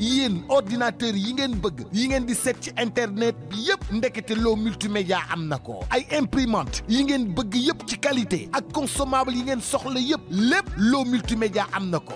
yéen ordinateur yi ngeen bëgg yi ngeen di seet ci internet bi yëpp ndekete loo multimédia am na ko ay imprimante yi ngeen bëgg yëpp ci qualité ak consommable yi ngeen soxla yëpp lépp loo multimédia am na ko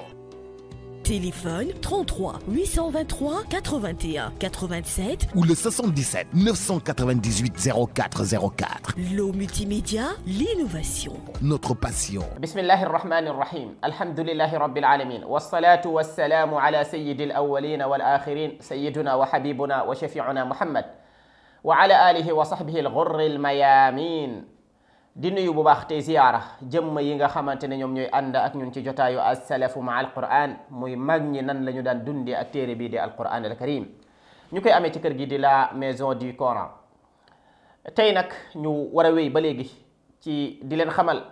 Téléphone 33 823 81 87 ou le 77 998 04 04. L'eau multimédia, l'innovation. Notre passion. Bismillah ar-Rahman ar-Rahim. Alhamdulillahi Rabbil Alamin. Wassalatu wassalamu ala sayyidil awwalin wal akhirin. Sayyiduna wa habibuna wa shafi'una Muhammad. Wa wa ala alihi sahbihi al-Ghurri al الميامين di nuyu bu baax tey ziyaara jëmm yi nga xamante ne ñoom ñooy ànd ak ñun ci jotaayu as-salafu ma alquran muy mag nan la ñu daan dundee ak téere bii di alquran al karim ñu koy amee ci kër gi di la maison di Coran tey nag ñu war a wéy ba léegi ci di leen xamal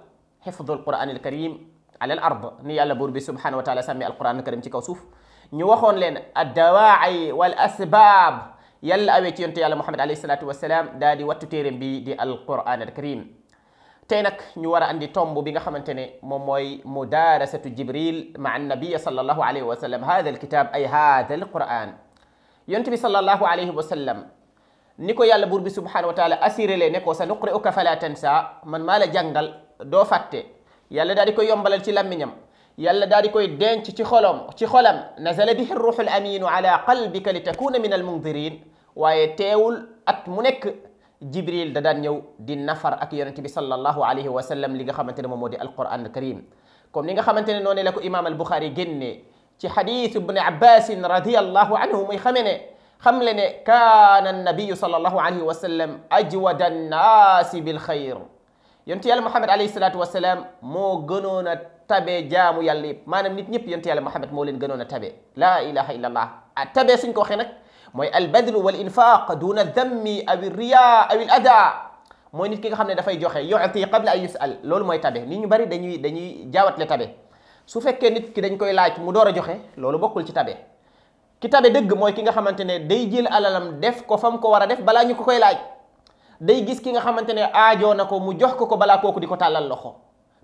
xifdul quran al karim ala al ard ni yàlla buur bi subhanahu wa taala sàmmi alquran al karim ci kaw suuf ñu waxoon leen addawaai wal asbaab yàlla awee ci yonte yàlla muhammad alayhi salatu wasalaam daa di wattu téereem bi di alquran al karim tay nak ñu wara andi tombu bi nga xamantene mom moy mudarasatu jibril ma an nabiy sallallahu alayhi wa sallam hada alkitab ay hada alquran yonent sallallahu alayhi wa sallam niko yàlla bur bi subhanahu wa taala assuré le ne ko sa nuqri fala tansa man mala jàngal do fàtte yàlla dal di koy yombalal ci lamiñam yàlla daal di koy denc ci xolom ci xolam nazala bihi ruuxul aminu ala qalbika li takuna min almundirin waaye teewul at mu nekk جبريل دادان نيو دي نفر اك يونتي بي صلى الله عليه وسلم ليغا خامتاني مومودي القران الكريم كوم ليغا خامتاني نوني لاكو امام البخاري генي تي حديث ابن عباس رضي الله عنه مي خامني خملني كان النبي صلى الله عليه وسلم اجود الناس بالخير يونتي يالا محمد عليه الصلاه والسلام مو غنونا تابي جامو يالي مانام نيت نيب يونتي يالا محمد مولين غنونا تابي لا اله الا الله تابي سنكو وخي mooy albadlu wal infaq duna dammi awi riya awi al ada mooy nit ki nga xam ne dafay joxe yuti qabla an yusal loolu mooy tabe nit ñu bari dañuy dañuy jaawatle tabe su fekkee nit ki dañ koy laaj mu door a joxe loolu bokkul ci tabe ki tabe dëgg mooy ki nga xamante ne day jël alalam def ko fam ko war a def balaa ñu ko koy laaj day gis ki nga xamante ne aajoo na ko mu jox ko ko balaa kooku di ko tàllal loxo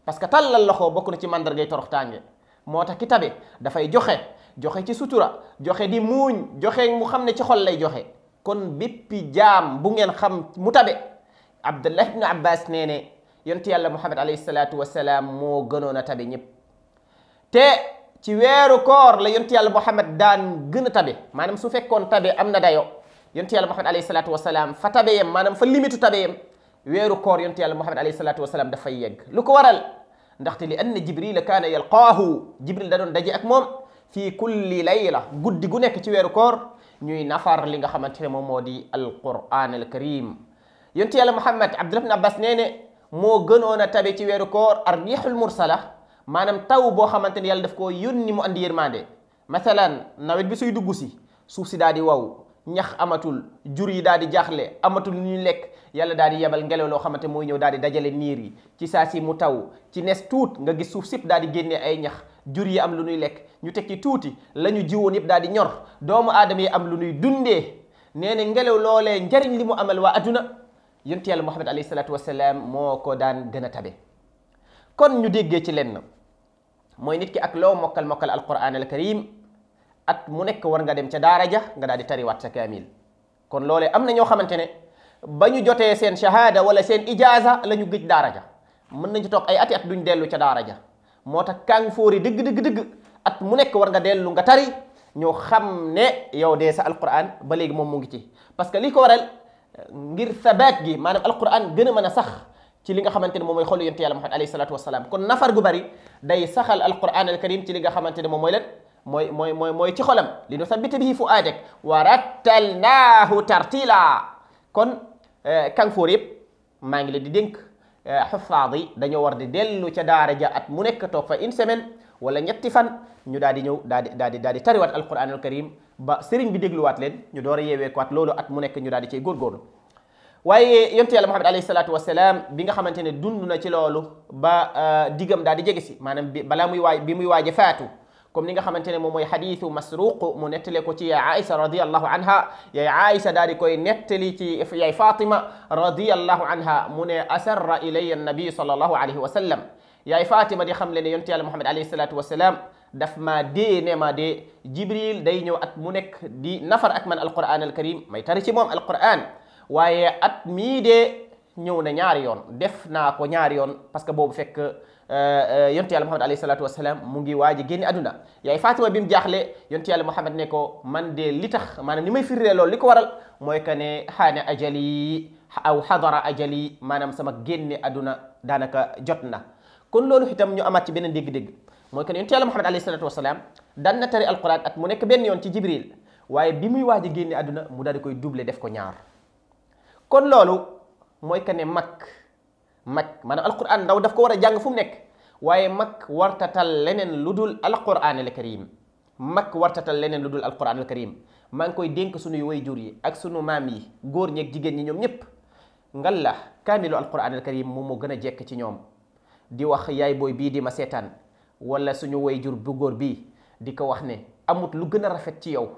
parce que tàllal loxo bokk na ci mandargay toroxtaange moo tax ki tabe dafay joxe joxe ci sutura joxe di muñ joxe mu xamne ci xol lay joxe kon bippi jam bu ngeen xam mu tabe abdullah ibn abbas nene yonti yàlla muhammad alayhi salatu wasalaam moo gënoon tabe ñep te ci wéru koor la yonti yàlla muhammad daan gën tabe manam su fekkon tabe amna dayo yonti yàlla muhammad alayhi salaatu wasalaam fa tabe yam manam fa limitu tabe yam wéru koor yonti yàlla muhammad alayhi salaatu da fay yegg lu ko waral ndaxte li anna jibrila kana yalqahu jibril da don daje ak mom fi kulli layla guddi gu nekk ci weeru koor ñuy nafar li nga xamante ne moom moo di alquran alkarim yonti yàlla muhammad abdullah bin abbas nee ne moo gënoon a tabe ci weeru koor ar riixul mursala maanaam taw boo xamante ne yàlla daf koo yónni mu andi yërmande mathalan nawet bi suy dugg si suuf si daal di waw ñax amatul jur yi daal di jaaxle amatul ñu lekk yàlla daal di yebal ngelaw loo xamante mooy ñëw daal di dajale niir yi ci saa si mu taw ci nes tuut nga gis suuf sip daal di génne ay ñax jur yi am lu nuy lekk ñu tekki tuuti la ñu jiwoon yëpp daal di ñor doomu aadama yi am lu nuy dunde nee na ngelaw loolee njariñ li mu amal waa adduna yonent yàlla Muhammad alayhi salaatu wasalaam moo ko daan gën kon ñu déggee ci lenn mooy nit ki ak loo mokkal mokkal al alquran al karim at mu nekk war nga dem ca daara ja nga daal di tariwaat sa kaamil kon loolee am na ñoo xamante ne ba ñu jotee seen shahada wala seen ijaza la ñu gëj daara ja mën nañu toog ay ati at duñ dellu ca daara ja moo tax kàng fóori dëgg dëgg dëgg at mu nekk war nga dellu nga tari ñëw xam ne yow dee sa alquran ba léegi moom mu ngi ci parce que li ko waral ngir sabaat gi maanaam alquran gën a mën a sax ci li nga xamante ne moom mooy xolu yonent yàlla Muhammad alayhi salaatu wasalaam kon nafar gu bari day saxal alquran al karim ci li nga xamante ne moom mooy lan mooy mooy mooy mooy ci xolam li nu sabita bihi fuaadak wa rattalnaahu tartila kon eh, kàng fóor yëpp maa ngi leen di dénk xuffaad eh, yi dañoo war di dellu ca daara ja at mu nekk toog fa une semaine wala ñetti fan ñu daal di ñëw daal di daal di daal di tariwaat alquran al karim ba sëriñ bi dégluwaat leen ñu door a yeeweekuwaat loolu at mu nekk ñu daal di cay góorgóorlu waaye yonte yàlla muhammad alayhi salaatu wasalaam bi nga xamante ne dund na ci loolu ba eh, diggam daal di jege si maanaam bi balaa muy waaj bi muy waaje faatu comme ni nga xamante ne moom mooy xadiisu masruq mu nettale ko ci yaay aïsa radiallahu anha yaay aïsa daal di koy nettali ci yaay fatima radiallahu anha mu ne asarra ilaya annabi sallallahu alayhi wa sallam yaay fatima di xam le ne yonte yàlla muhammad alayhi salatu wasalaam daf maa dee ne maa dee jibril day ñëw at mu nekk di nafar ak man alquran alkarim may tari ci moom alquran waaye at mii dee ñëw na ñaari yoon def naa ko ñaari yoon parce que boobu fekk yonti yàlla muhammad alayhi salatu wasalaam mu ngi waaj génn aduna yaay fatima bi mu yonti yàlla muhammad ne ko man de li tax maanaam ni may firree loolu li waral mooy que ne ajali aw xadara ajali maanaam sama génne aduna danaka jotna na kon loolu itam ñu amaat ci beneen dégg-dégg mooy que yonti yàlla muhammad alayhi salatu wasalaam daan na tari alquran at mu nekk benn yoon ci jibril waaye bi muy waaj a aduna mu daal di koy doublé def ko ñaar kon loolu mooy que ne mag maanaam alquran ndaw daf ko war a jàng fu nekk waaye mag wartatal leneen lu dul alquran al karim mag wartatal leneen lu dul alquran al karim maa ngi koy dénk sunuy wayjur yi ak suñu maam yi góor ñeek jigéen ñi ñoom ñëpp ngal la kaamilu alquran al karim moom moo gën a jekk ci ñoom di wax yaay booy bii di ma seetaan wala suñu way jur bu góor bii di ko wax ne amut lu gën a rafet ci yow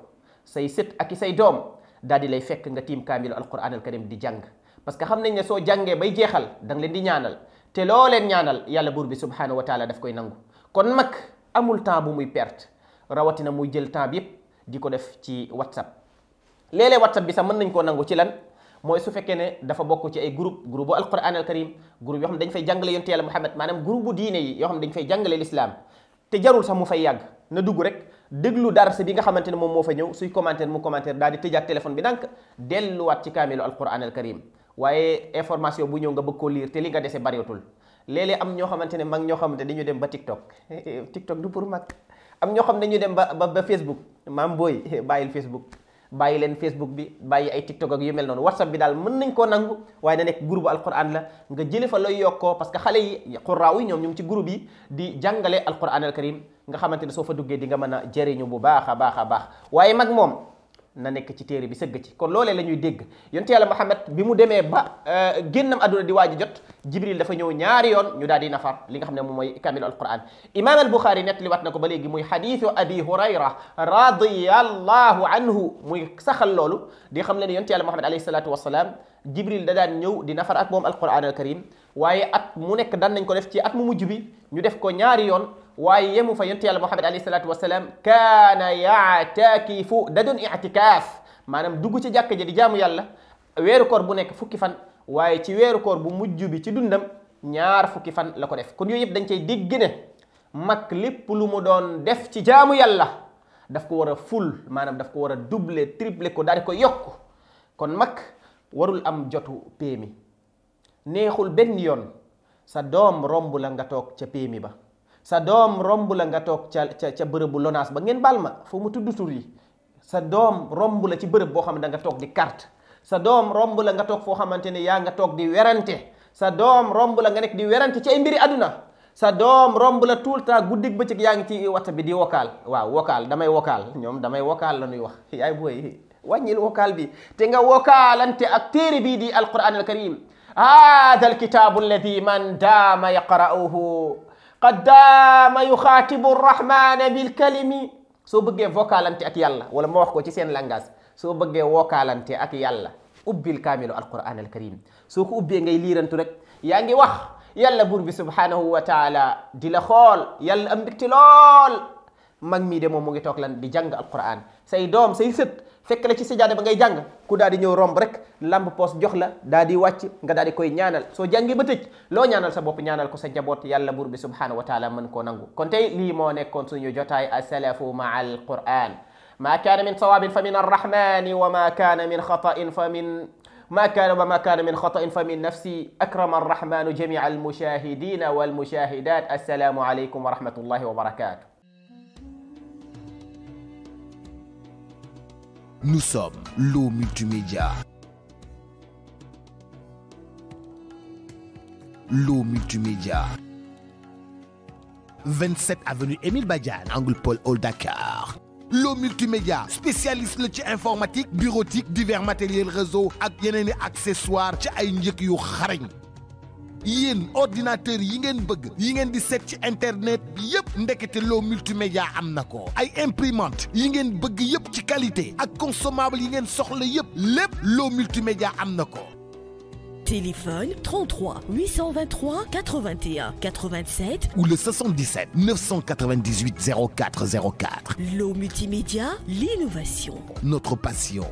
say sët ak i say doom daal di lay fekk nga tiim kaamilu alquran al karim di jàng parce que xam nañ ne soo jàngee bay jeexal da leen di ñaanal te loo leen ñaanal yàlla buur bi subhanahu wa taala daf koy nangu kon mag amul temps bu muy perte rawatina muy jël temps bi yëpp di ko def ci whatsapp léeg-léeg whatsapp bi sax mën nañ koo nangu ci lan mooy su fekkee ne dafa bokk ci ay groupe groupe bu alquran al karim groupe yoo xam dañ fay jàngale yonte yàlla muhammad maanaam groupe diine yi yoo xam dañ fay jàngale l'islam yàgg na dugg rek déglu darse bi nga xamante ne moom moo fa ñëw suy commentaire mu commentaire daal di tëjaat téléphone waaye information bu ñëw nga bëgg koo lire te li nga dese bariwutul léeg-léeg am ñoo xamante ne mag ñoo xamante dañu dem ba TikTok TikTok du pour mag am ñoo xam ne dañu dem ba ba Facebook maam booy bàyyil Facebook bàyyi leen Facebook bi bàyyi ay TikTok ak yu mel noonu WhatsApp bi daal mën nañ koo nangu waaye na nekk groupe alquran la nga jële fa looy yokkoo parce que xale yi xuraaw yi ñoom ñu ngi ci groupe yi di jàngale alquran al karim nga xamante ne soo fa duggee di nga mën a jëriñu bu baax a baax a baax waaye mag moom na nek ci téré bi sëgg ci kon lolé lañuy dégg yonte yàlla Muhammad bi mu démé ba génnam aduna di waji jot jibril dafa ñëw ñaari yoon ñu daldi nafar li nga xamné mom moy kamil alquran imam net li wat nako ko ba léegi muy xadiisu abi hurayra radiyallahu anhu muy saxal loolu di xam le yonte yàlla Muhammad alayhi salaatu wasalaam jibril da daan ñëw di nafar ak mom alquran al karim at mu nek daan nañ ko def ci at mu mujju bi ñu def ko ñaari yoon waaye yemu fa yontu yàlla muhammad alayhi salaatu wasalaam kaana yaatakifu da doon itikaaf maanaam dugg ci jàkka ji di jaamu yàlla weeru koor bu nekk fukki fan waaye ci weeru koor bu mujj bi ci dundam ñaar fukki fan la ko def kon yooyu yëpp dañ cay dégg mag lépp lu mu doon def ci jaamu yàlla daf ko war a ful maanaam daf ko war a doubler tripler ko daal di ko yokk kon mag warul am jotu péemi neexul benn yoon sa doom romb la nga toog ca péemi ba sa doom romb la nga toog ca ca ca bërëbu lonaas ba ngeen baal fu mu yi sa la ci da nga di carte sa doom romb la nga toog foo nga di werante sa doom romb la nga di werante ci ay mbiri aduna sa doom romb la tout le temps guddig bëccëg yaa ngi ci watta bi di vocal waaw vocal damay vocal ñoom damay vocal la ñuy wax yaay booy wàññil vocal bi te nga vocalante ak téere bii di alquran al karim alkitabu alladi man daama yaqra'uhu qad daama yuxaatibu bi bil kalimi soo bëggee vocalante ak yàlla wala ma wax ko ci seen langage soo bëggee vocalante ak yàlla ubbil kaamilu alquran alkarim soo ko ubbee ngay liirantu rek yaa ngi wax yàlla buur bi subhanahu wa taala di la xool yàlla am mbégte lool mag mii de moom mu ngi toog lan di jàng alquran say doom say sët fekk la ci sajjaada ba ngay jàng ku daal di ñëw romb rek lamb poos jox la daal di wàcc nga daal di koy ñaanal soo jàngee ba tëj loo ñaanal sa bopp ñaanal ko sa njaboot yàlla buur bi subhanahu wa taala mën koo nangu kon tey lii moo nekkoon suñu jotaay asalafu ma al quran ma kaana min sawaabin fa min arrahmani wa ma kaana min xatain fa min ما كان وما كان من خطأ فمن نفسي أكرم الرحمن جميع المشاهدين والمشاهدات السلام عليكم ورحمة الله وبركاته Nous sommes l'eau multimédia. L'eau multimédia. 27 avenue Émile Badian, Angle Paul Old Dakar. L'eau multimédia spécialiste la informatique bureautique divers matériels réseau et accessoires yéen ordinateur yi ngeen bëgg yi ngeen di ci internet bi nekete ndekete multimédia am na ko ay imprimante yi ngeen bëgg yépp ci qualité ak consommable yi ngeen soxla yépp lépp loo multimédia am ko. Téléphone 33 823 81 87 ou le 77 998 0404. L'eau multimédia, l'innovation. Notre passion.